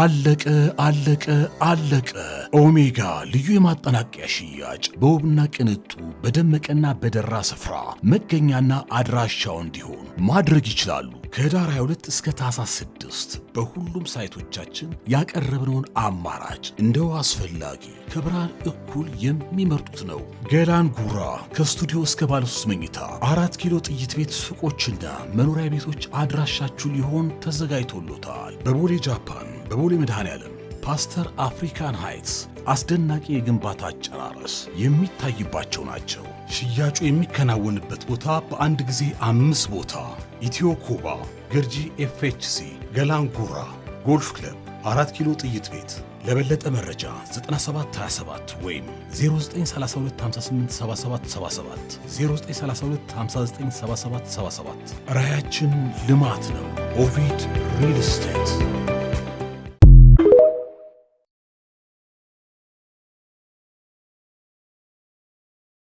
አለቀ አለቀ አለቀ። ኦሜጋ ልዩ የማጠናቀቂያ ሽያጭ በውብና ቅንጡ በደመቀና በደራ ስፍራ መገኛና አድራሻው እንዲሆን ማድረግ ይችላሉ። ከህዳር 22 እስከ ታህሳስ 6 በሁሉም ሳይቶቻችን ያቀረብነውን አማራጭ እንደው አስፈላጊ ከብርሃን እኩል የሚመርጡት ነው። ገላን ጉራ ከስቱዲዮ እስከ ባለሶስት መኝታ አራት ኪሎ ጥይት ቤት ሱቆችና መኖሪያ ቤቶች አድራሻችሁ ሊሆን ተዘጋጅቶሎታል። በቦሌ ጃፓን በቦሌ መድኃኔዓለም ፓስተር አፍሪካን ሃይትስ አስደናቂ የግንባታ አጨራረስ የሚታይባቸው ናቸው። ሽያጩ የሚከናወንበት ቦታ በአንድ ጊዜ አምስት ቦታ ኢትዮ ኩባ፣ ገርጂ ኤፍኤችሲ፣ ገላንጉራ ጎልፍ ክለብ፣ አራት ኪሎ ጥይት ቤት። ለበለጠ መረጃ 9727 ወይም 0932587777 0932597777 ራያችን ልማት ነው። ኦቪድ ሪል ስቴት